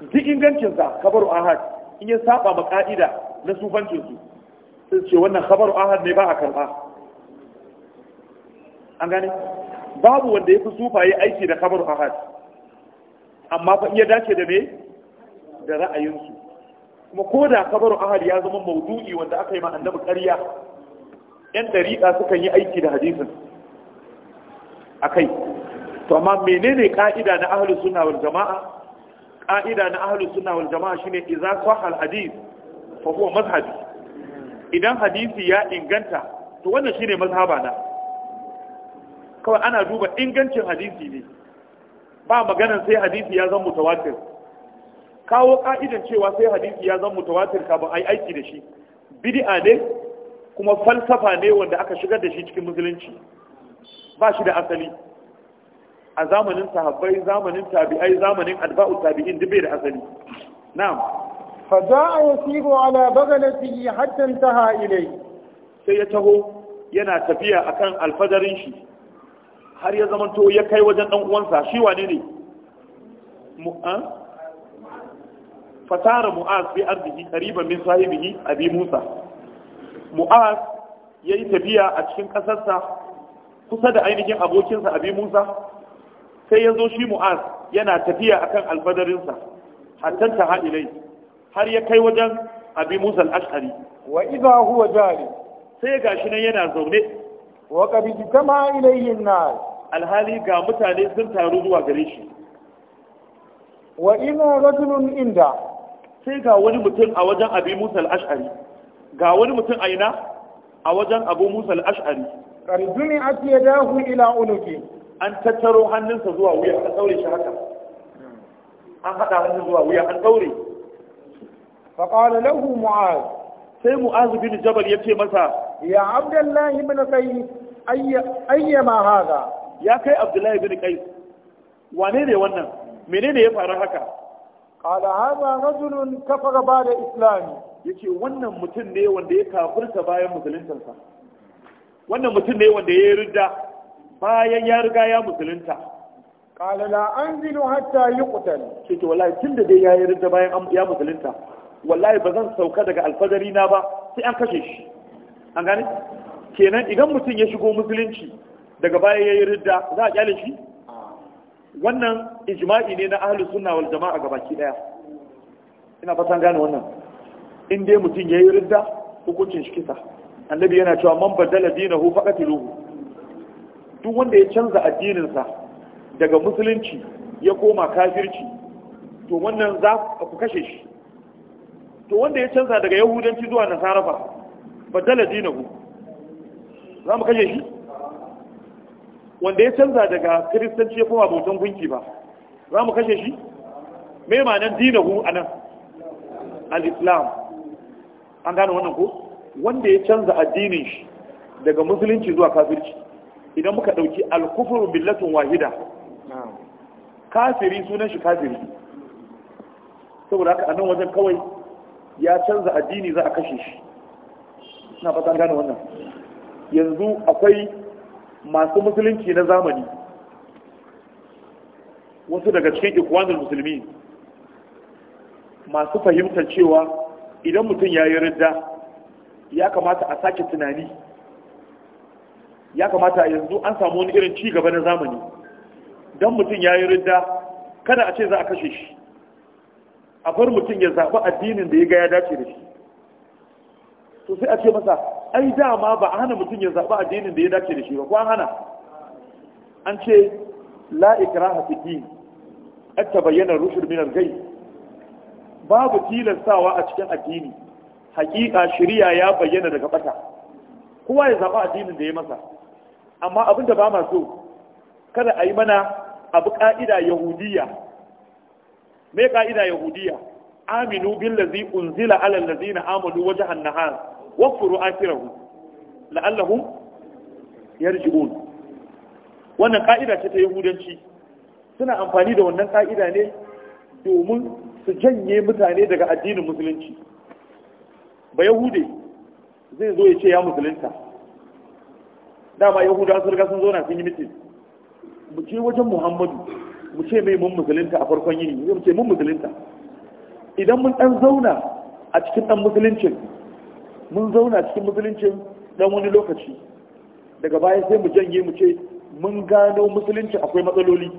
Speaker 1: duk ingancinsa kabaru ahad in ya saba ma ka'ida na sufancin su sun ce wannan khabaru ahad ne ba a karba an gane babu wanda ya fi sufaye aiki da khabaru ahad amma fa iya dace da me da ra'ayinsu kuma ko da khabaru ahad ya zama maudu'i wanda aka yi ma annabi ƙarya yan dariƙa suka yi aiki da hadisin akai to amma menene ka'ida na ahlus sunna wal jama'a ka'ida na ahlus sunna wal jama'a shine idza sahha al hadith fa huwa mazhabi idan hadisi ya inganta to wannan shine mazhaba na kawai ana duba ingancin hadisi ne ba maganan sai hadisi ya zama mutawatir kawo ka'idan cewa sai hadisi ya zama mutawatir ka ba yi aiki da shi bid'a ne kuma falsafa ne wanda aka shigar da shi cikin musulunci ba shi da asali a zamanin sahabbai zamanin tabi'ai zamanin adba'u tabi'in duk bai da asali na'am فجاء يسير على بغلته حتى انتهى إليه سيته yana tafiya akan alfadarin shi har ya zamanto ya kai wajen dan uwansa shi wane ne mu'an fatara mu'az bi ardihi qariban min sahibihi abi musa mu'az yayi tafiya a cikin kasarsa kusa da ainihin abokinsa abi musa sai ya zo shi mu'az yana tafiya akan alfadarinsa hatta ta ilai har ya kai wajen abi musa al-ash'ari wa idha huwa jari sai gashi nan yana zaune wa qad jitama ilayhi an alhali ga mutane sun taru zuwa gare shi wa ina rajulun inda sai ga wani mutum a wajen abi musa al-ash'ari ga wani mutum a ina a wajen abu musa al-ash'ari karjuni ati dahu ila unuki an tattaro hannunsa zuwa wuya an daure shi haka an haɗa hannun zuwa wuya an daure فقال له معاذ سي معاذ بن جبل يتي مسا يا عبد الله بن قيس أي أيما هذا يا كي عبد الله بن قيس wane ne wannan menene ya faru haka qala hadha rajulun kafara ba'da islami yace wannan mutum ne wanda ya kafirta bayan musuluntarsa wannan mutum ne wanda ya rida bayan ya riga ya musulunta qala la anzilu hatta yuqtal ce to wallahi tunda dai ya rida bayan ya musulunta wallahi ba zan sauka daga alfadari na ba sai an kashe shi an gane kenan idan mutum ya shigo musulunci daga baya yi ridda za a kyale shi wannan ijma'i ne na ahlus sunna wal jama'a baki daya ina an gane wannan in dai mutum yi ridda hukuncin shi kisa annabi yana cewa man badala dinahu faqatiluhu duk wanda ya canza addininsa daga musulunci ya koma kafirci to wannan za ku kashe shi to wanda ya canza daga yahudanci zuwa nasara ba badala dinahu za mu kashe shi wanda ya canza daga kiristanci ya kuma bautan gunki ba za mu kashe shi mai manan dinahu a nan al-islam an gane wannan ko wanda ya canza addinin shi daga musulunci zuwa kafirci idan muka dauki al-kufru wahida kafiri sunan shi kafiri saboda haka a nan wajen kawai ya canza addini za a kashe shi na fatan gane wannan yanzu akwai masu musulunci na zamani wasu daga cikin ikwanin musulmi masu fahimtar cewa idan mutum ya yi ridda ya kamata a sake tunani ya kamata yanzu an samu wani irin ci gaba na zamani don mutum ya yi ridda kada a ce za a kashe shi a bar mutum ya zaɓi addinin da ya ga ya dace da shi to sai a ce masa ai dama ba a hana mutum ya zaɓi addinin da ya dace da shi ba ko an hana an ce la'ikira ikraha fi din gai. babu tilastawa a cikin addini hakika shirya ya bayyana daga bata kowa ya zaɓi addinin da ya masa amma abin da ba masu so kada a yi mana abu ƙa'ida yahudiya me ka'ida yahudiya aminu billazi unzila ala allazina amanu an nahar wakfuru akhirahu la'allahum yarji'un wannan ka'ida ce ta yahudanci suna amfani da wannan ka'ida ne domin su janye mutane daga addinin musulunci ba yahude zai zo ya ce ya musulunta dama yahudawa sun riga sun zo na sun yi miti, mu je wajen muhammadu mu ce mai mun musulunta a farkon yini mu ce mun musulunta idan mun dan zauna a cikin dan musuluncin mun zauna cikin musuluncin dan wani lokaci daga baya sai mu janye mu ce mun gano musulunci akwai matsaloli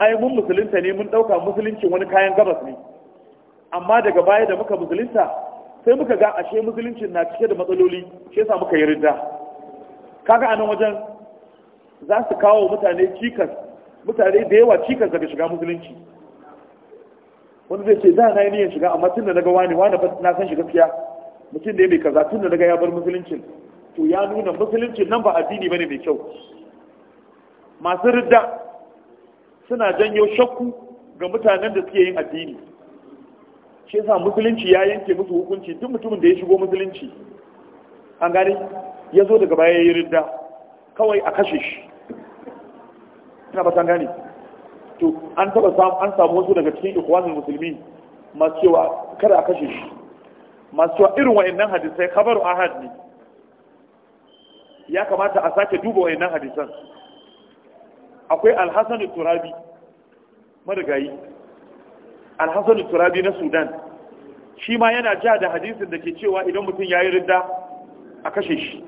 Speaker 1: ai mun musulunta ne mun dauka musuluncin wani kayan gabas ne amma daga baya da muka musulunta sai muka ga ashe musuluncin na cike da matsaloli shi yasa muka yi ridda kaga anan wajen za su kawo mutane cikas mutane da yawa cikas daga shiga musulunci Wani zai ce za na yi niyan shiga amma tun da naga wani wani na san shiga fiya mutum da ya mai kaza tun da naga ya bar musuluncin to ya nuna musuluncin nan ba addini bane mai kyau masu ridda suna janyo shakku ga mutanen da suke yin addini shi yasa musulunci ya yanke musu hukunci duk mutumin da ya shigo musulunci an gane ya zo daga baya ya yi ridda kawai a kashe shi ina ba gane to an taba samu an samu wasu daga cikin ikhwanul musulmi masu cewa kada a kashe shi masu cewa irin wayannan hadisai khabaru ahad ne ya kamata a sake duba wayannan hadisan akwai alhassan turabi marigayi alhassan turabi na sudan shi ma yana ja da hadisin da ke cewa idan mutum ya yi ridda a kashe shi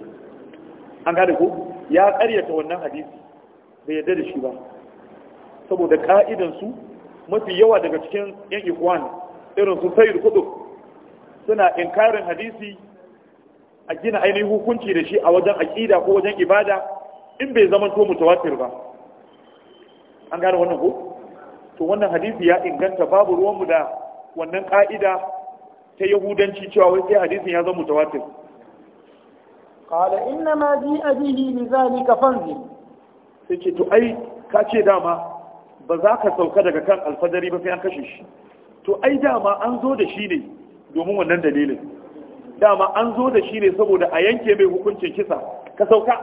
Speaker 1: an gane ko ya karyata wannan hadisi bai yarda da shi ba saboda ka'idansu mafi yawa daga cikin yan ikwan irin su sayyid kudu suna inkarin hadisi a gina ainihin hukunci da shi a wajen aƙida ko wajen ibada in bai zama to mutawatir ba an gane wannan ko to wannan hadisi ya inganta babu ruwanmu da wannan ka'ida ta yahudanci cewa wai sai hadisin ya zama mutawatir قال إنما جيء به لذلك فانزل sai ce to ai ka ce dama ba za ka sauka daga kan alfadari ba sai an kashe shi to ai dama an zo da shi ne domin wannan dalilin dama an zo da shi ne saboda a yanke mai hukuncin kisa ka sauka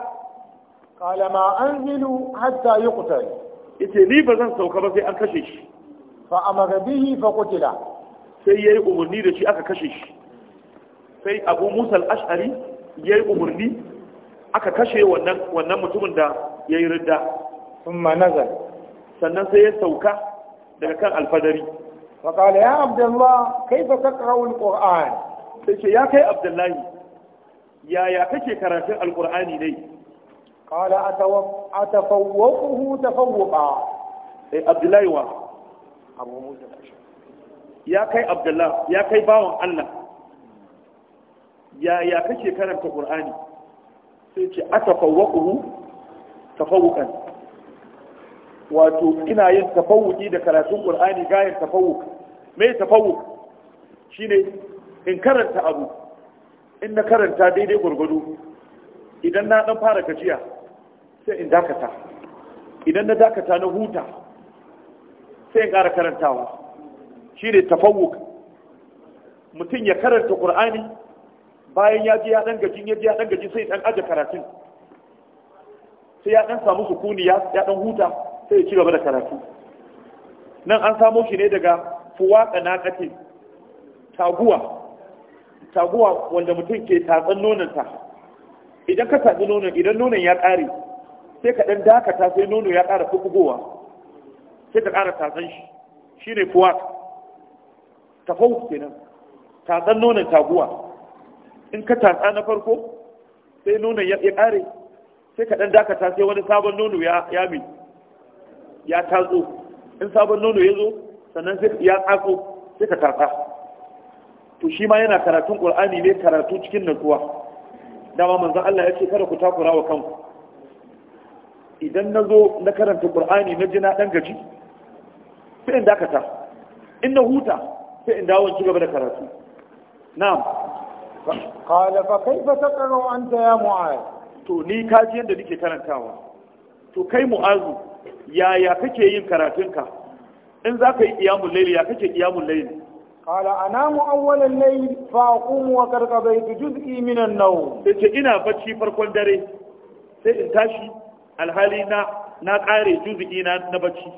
Speaker 1: kalama an zilu hatta yi kutar ita ni ba zan sauka ba sai an kashe shi fa amara bihi fa kutila sai yayi umarni da shi aka kashe shi sai abu musa al-ash'ari yayi umarni aka kashe wannan wannan mutumin da ya yi rida sun nazar sannan sai ya sauka daga kan alfadari faƙala ya Abdullahi kai fa ka ƙarawun ƙor'an sai ce ya kai abdullahi yaya kake karatun alƙur'ani dai ƙala a tafawwaƙuhu tafawwaƙa sai abdullahi wa ya kai abdullahi ya kai bawan allah yaya kake karanta ƙur'ani sai ce a tafawwaƙuhu tafawukan wato ina yin tafawuki da karatun qur'ani gayar tafawuk me tafawuk shine in karanta abu in na karanta daidai gurgudu idan na dan fara gajiya sai in dakata idan na dakata na huta sai in ƙara karantawa shine tafawuk mutum ya karanta qur'ani bayan ya ji ya dan gaji ya ji ya dan gaji sai dan aje karatun sai ya dan samu sukuni ya dan huta sai ya ci gaba da karatu nan an samo shi ne daga fuwaka na kati taguwa taguwa wanda mutum ke tatsan nononta idan ka tatsi nonon idan nonon ya ƙare sai ka dan dakata sai nono ya ƙara fukugowa sai ka ƙara tatsan shi shine fuwaka tafau kenan tatsan nonon taguwa in ka tatsa na farko sai nonon ya ƙare sai ka dan dakata sai wani sabon nono ya ya ya tatso in sabon nono ya zo sannan sai ya tsako sai ka tarta to shi ma yana karatun qur'ani ne karatu cikin natsuwa dama manzon Allah ya ce kada ku takura wa kanku idan na zo na karanta qur'ani na ji na dan gaji sai in dakata in na huta sai in dawo ci gaba da karatu na'am قال فكيف تقرأ أنت يا معاذ to ni kaji yadda nike karantawa to kai mu'azu yaya kake yin karatunka in za ka yi ƙiyamun laili ya kake ƙiyamun laili qala anamu awwalal layl fa aqumu wa qad qadaytu juz'i min an-nawm yace ina bacci farkon dare sai in tashi alhali na na kare juz'i na na bacci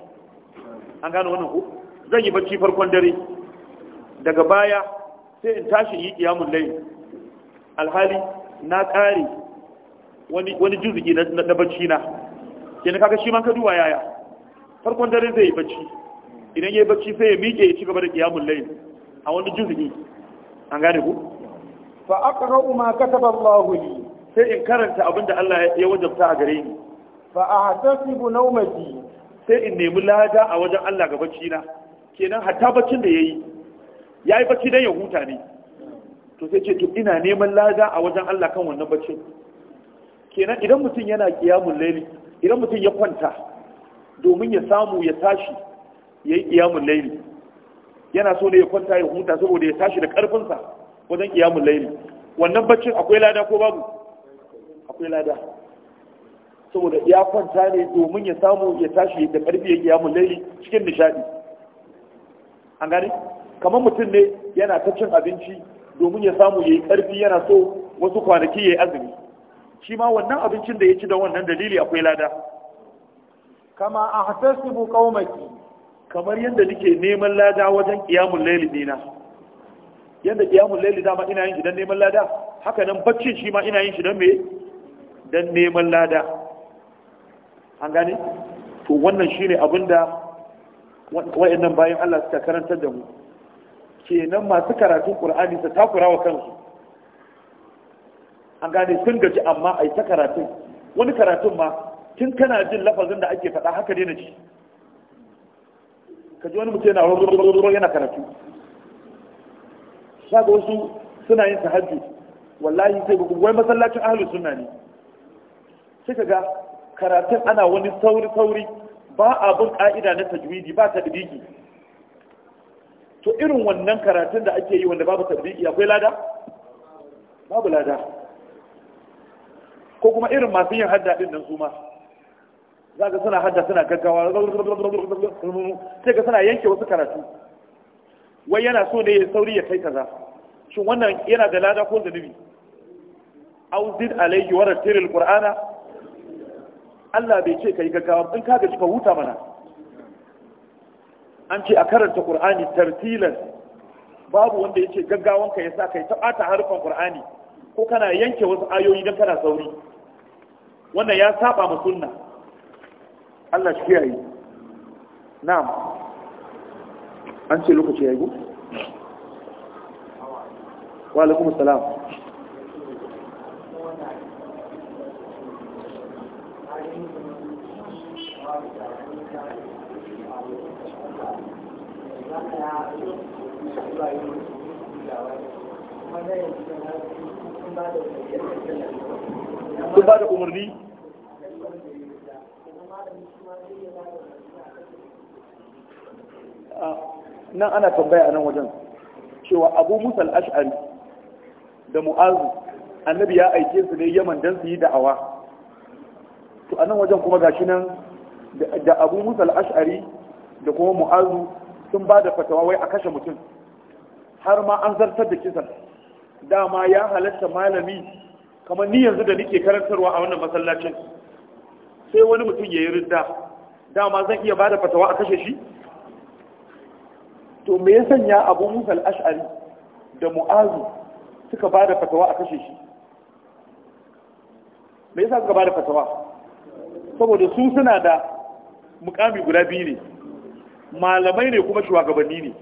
Speaker 1: an gano wannan ko zan yi bacci farkon dare daga baya sai in tashi yi iyamun layl alhali na kare wani wani juzuki na bacci na yana kaga shi ma ka yaya farkon dare zai yi bacci idan yi bacci sai ya miƙe ya ci gaba da kiyamun layin. a wani juzuki an gane ku fa aqra'u ma kataba Allah li sai in karanta abinda Allah ya wajabta a gare ni fa ahtasibu nawmati sai in nemi lada a wajen Allah ga bacci na kenan hatta baccin da yayi yayi bacci dan ya huta ne to sai ce to ina neman lada a wajen Allah kan wannan baccin kenan idan mutum yana kiyamun laili idan mutum ya kwanta domin ya samu ya tashi ya yi kiyamun laili yana so ne ya kwanta ya huta saboda ya tashi da karfinsa wajen kiyamun laili wannan baccin akwai lada ko babu akwai lada saboda ya kwanta ne domin ya samu ya tashi da karfi ya kiyamun laili cikin nishadi an gani kamar mutum ne yana ta cin abinci domin ya samu ya yi karfi yana so wasu kwanaki ya yi azumi shi ma wannan abincin da ya ci da wannan dalili akwai lada kama a hatasibu qaumaki kamar yadda nike neman lada wajen kiyamun laili dina yadda kiyamun laili dama ina yin shi don neman lada haka nan baccin shi ma ina yin shi don me don neman lada an gane to wannan shi ne abinda wayannan bayan Allah suka karantar da mu kenan masu karatun Qur'ani su takura wa kansu an gane sun gaji amma a yi ta karatun wani karatun ma tun kana jin lafazin da ake faɗa haka na ci ka ji wani mutum yana rururururu yana karatu Sa ga wasu suna yin tahajju wallahi sai gugu wai masallacin ahalus sunna ne sai ka ga karatun ana wani sauri sauri ba bin ka'ida na tajwidi ba tadbiki to irin wannan karatun da ake yi wanda babu tabbiki akwai lada babu lada ko kuma irin masu yin hada din nan su ma za ka suna hadda suna gaggawa sai ka suna yanke wasu karatu wai yana so ne ya sauri ya kai kaza shin wannan yana da lada ko zunubi auzid alayhi wa rasulil qur'ana Allah bai ce kai gaggawa in ka gaji ka huta mana an ce a karanta qur'ani tartilan babu wanda yace gaggawanka ya yasa kai ta bata harfan qur'ani ko kana yanke wasu ayoyi dan kana sauri wannan ya saba ma sunna Allah shi kiyaye na'am an ce lokaci yayi wa alaikum salam Thank you. sun ba da umarni nan ana tambaya a nan wajen cewa abu musal ash'ari da mu'azu annabi ya aike su ne yaman don su yi da'awa to a nan wajen kuma gashi nan da abu musal ash'ari da kuma mu'azu sun ba da fatawa wai a kashe mutum har ma an zartar da kisan dama ya halatta malami kamar ni yanzu da nike karantarwa a wannan masallacin sai wani mutum ya yi ridda dama zan iya bada fatawa a kashe shi to me ya sanya abu musa ash'ari da mu'azu suka bada fatawa a kashe shi me yasa suka bada fatawa saboda su suna da mukami guda biyu ne malamai ne kuma shugabanni ne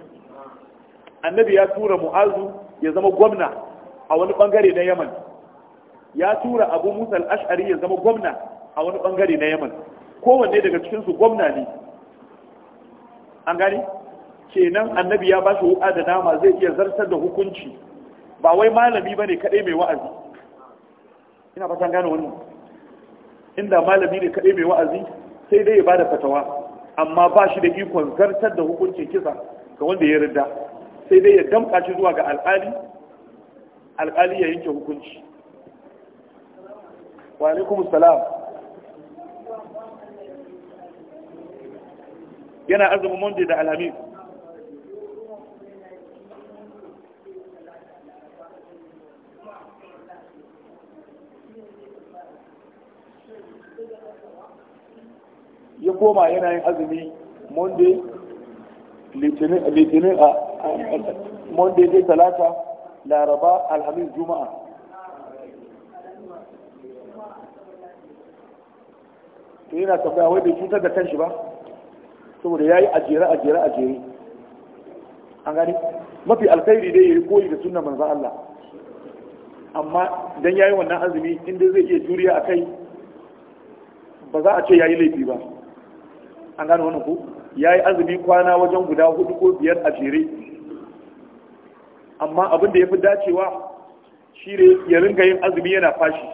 Speaker 1: annabi ya tura mu'azu ya zama gwamna a wani bangare na yaman ya tura abu musa al-ash'ari ya zama gwamna a wani bangare na yaman kowanne daga cikinsu gwamna ne an gani kenan annabi ya ba shi wuka da nama zai iya zartar da hukunci ba wai malami ba ne kaɗai mai wa'azi ina san gane wannan inda malami ne kaɗai mai wa'azi sai dai ya bada fatawa amma ba shi da ikon zartar da hukuncin kisa ga wanda ya yarda, sai dai ya damƙaci zuwa ga al'ali alƙali ya yanke hukunci wa alaikum salam yana azumin monday da alhamis ya koma yana yin azumi monday litinin a monday zai talata laraba alhamis juma'a to yana tambaya wai bai cutar da kanshi ba saboda ya yi ajere ajere ajere an gani mafi alkhairi dai ya yi koyi da sunan manzan Allah amma don ya yi wannan azumi inda zai iya juriya a kai ba za a ce ya yi laifi ba an gani wannan ku ya yi azumi kwana wajen guda hudu ko biyar a jere amma abin da ya fi dacewa shi ne ya ringa yin azumi yana fashi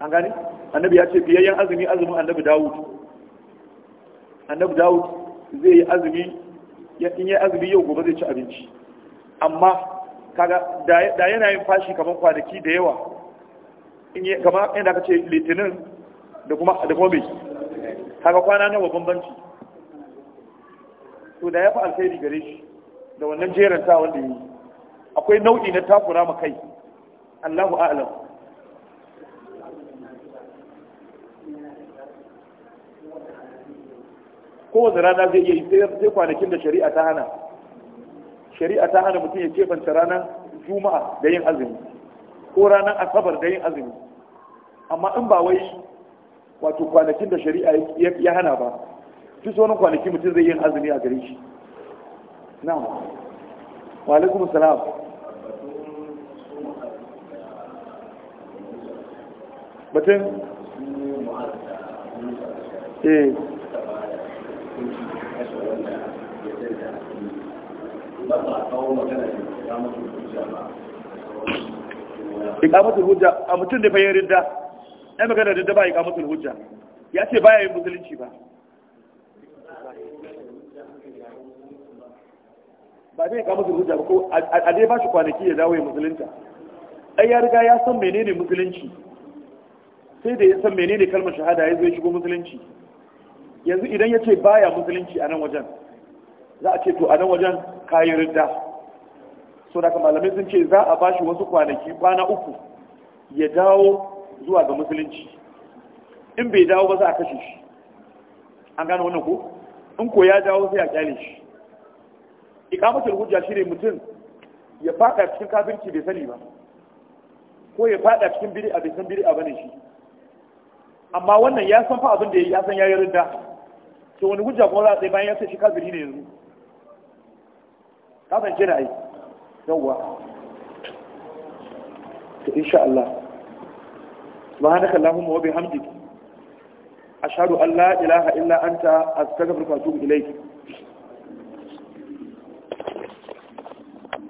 Speaker 1: an gani annabi ya ce biyayyen azumi azumin annabi dawud annabi dawud zai yi azumi in yi azumi yau gobe zai ci abinci amma kaga da yana yin fashi kamar kwanaki da yawa kamar yadda aka ce litinin da kuma da kuma mai kaga kwana nawa bambanci to da ya fi alkhairi gare shi da wannan ta wanda yi akwai nau'i na takura ma kai Allahu a'lam kowace rana zai iya yi sai kwanakin da shari'a ta hana shari'a ta hana mutum ya kebanta ranar juma'a da yin azumi ko ranar asabar da yin azumi amma in ba wai wato kwanakin da shari'a ya hana ba duk wani kwanaki mutum zai yin azumi a gare shi na'am wa ikamatul eh. hujja a mutum da fayin ridda ai magana da ba ikamatul hujja ya ce baya yin musulunci ba ba zai kama musu hujja ko a dai ba shi kwanaki ya dawo ya musulunta ai ya riga ya san menene musulunci sai da ya san menene kalmar shahada ya zo shigo musulunci yanzu idan ya ce baya musulunci a nan wajen za a ce to a nan wajen kayi ridda so da malamai sun ce za a bashi wasu kwanaki kwana uku ya dawo zuwa ga musulunci in bai dawo ba za a kashe shi an gane wannan ko in ko ya dawo sai a kyale shi ikamatul hujja shine mutum ya fada cikin kafirci bai sani ba ko ya fada cikin biri a bai san a bane shi amma wannan ya san fa abin da ya san yi ridda to wani hujja kuma za a tsaye bayan ya san shi kafiri ne yanzu ka san na ai yawwa to insha Allah subhanaka allahumma wa bihamdika ashhadu an la ilaha illa anta astaghfiruka wa atubu ilayk